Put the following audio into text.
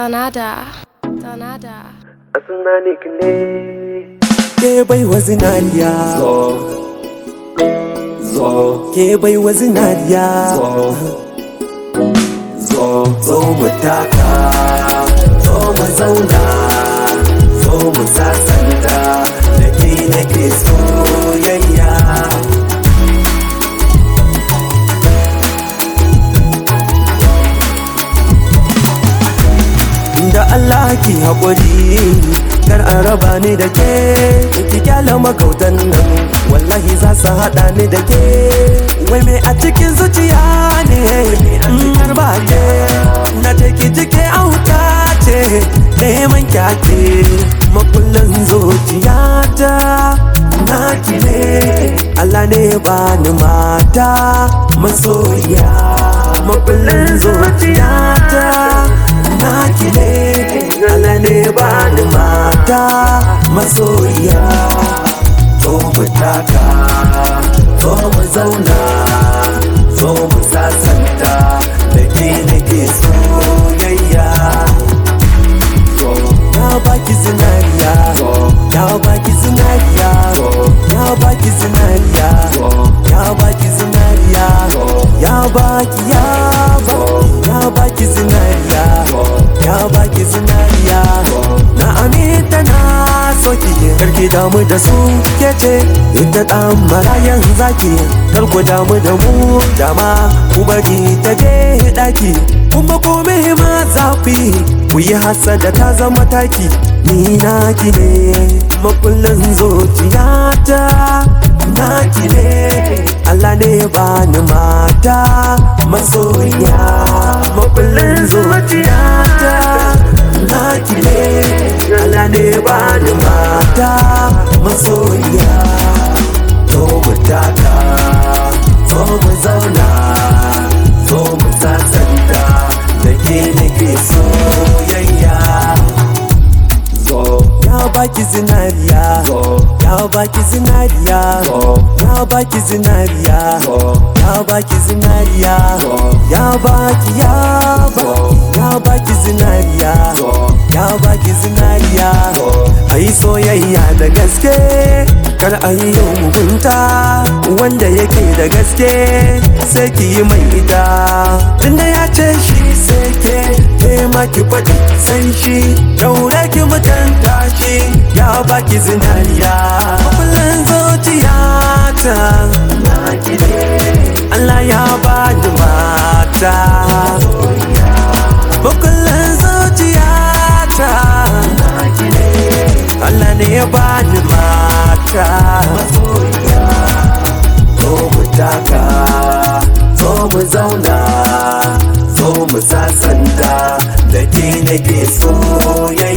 Danada, Danada. Asuna ne Ke bai wa zinariya. Zo. Zo. Ke bai wa zinariya. Zo. Zo. Zo mu taka. Zo mu zauna. ki haƙuri kar an raba ni da ke ki kyala makautan nan wallahi za su haɗa ni da ke wai me a cikin zuciya ne kar mm, ba ke na ce ki jike auta ce neman kyake makullin zuciya ta na ki ne Allah ne ba ni mata masoya makullin zuciya ta na ki ne ne ni mata masoyiya zo mu taka zo mu zauna zo mu sasanta da ke ke soyayya na baki zinariya na baki zinariya na baki zinariya na baki zinariya ya baki ya ki damu da su ke ce inda dan marayan zaki karku damu da mu dama ku bari ta je daki kuma komai ma zafi ku yi da ta zama taki ni ki ne makullin na ki ne Allah ne ba ni mata masoya makullin na ki ne Allah ne ba ni mata ta masoya zo mu taka zo mu zauna zo mu tsatsanta da ke ne ke soyayya zo ya baki zinariya ya baki zinariya ya baki zinariya ya baki zinariya ya baki ya baki biyayya da gaske kar a yi mugunta wanda yake da gaske sai ki yi mai ita inda ya ce shi sai ke ke ma ki faɗi san shi daure ki mutunta shi ya baki zinariya kullum zuciya ta Allah ya bani mata ya bani mata masoyiya zo mu taka zo mu zauna zo mu sasanta da ke nake so